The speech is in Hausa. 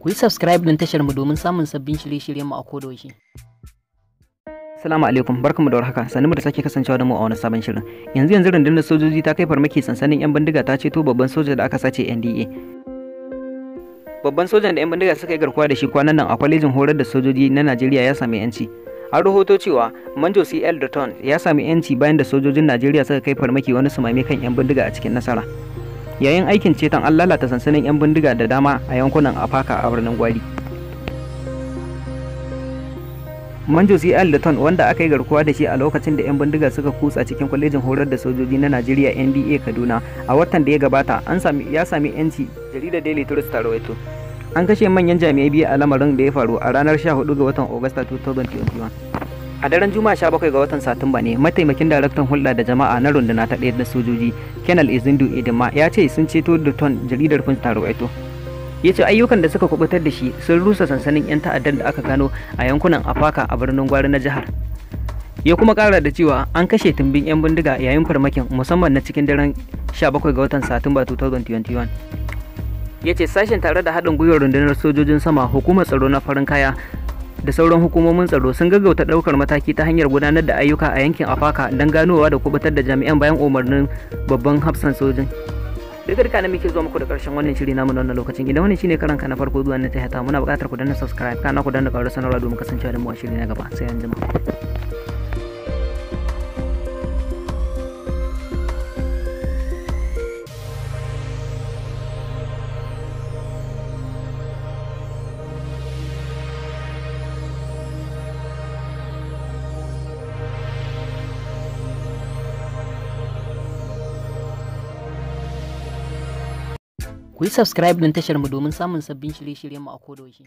ku yi subscribe din tashar mu domin samun sabbin shirye-shiryen mu a kodayaushe. Salamu alaikum barkamu da warhaka Sani mu da sake kasancewa da mu a wani sabon shirin yanzu yanzu rundunar sojoji ta kai farmaki sansanin yan bindiga ta ceto babban soja da aka sace NDA babban sojan da yan bindiga suka yi garkuwa da shi kwanan nan a kwalejin horar da sojoji na Najeriya ya sami yanci an rahoto cewa manjo cl Dutton ya sami yanci bayan da sojojin najeriya suka kai farmaki wani sumame kan 'yan bindiga a cikin nasara yayin aikin ceton an lalata sansanin 'yan bindiga da dama a yankunan afaka a birnin gwari manjo cl wanda aka yi garkuwa da shi a lokacin da 'yan bindiga suka kutsa cikin kwalejin horar da sojoji na najeriya nba kaduna a watan da ya gabata an sami ya sami yanci jaridar daily tourist ta rawaito an kashe manyan jami'ai biyu a lamarin da ya faru a ranar 14 ga watan agusta 2021 a daren juma'a 17 ga watan satumba ne mataimakin daraktan hulɗa da jama'a na runduna ta ɗaya na sojoji kenal izindu idima ya ce sun ceto da ton jaridar kun ta aito ya ce ayyukan da suka kubutar da shi sun rusa sansanin 'yan ta'addar da aka gano a yankunan afaka a birnin gwari na jihar ya kuma kara da cewa an kashe tumbin 'yan bindiga yayin farmakin musamman na cikin daren 17 ga watan satumba 2021 ya ce sashen tare da haɗin gwiwar rundunar sojojin sama hukumar tsaro na farin kaya da sauran hukumomin tsaro sun gaggauta ɗaukar mataki ta hanyar gudanar da ayyuka a yankin afaka don ganowa da kubutar da jami'an bayan umarnin babban hafsan sojin daga duka muke zuwa muku da karshen wannan shiri namu na wannan lokacin idan wannan shine karanka na farko zuwa na ta muna buƙatar ku danna subscribe kana ku danna karo sanarwa domin kasancewa da mu a shiri na gaba sai an jima ku yi subscribe don tashar mu domin samun sabbin shirye-shiryen mu a kodoshi.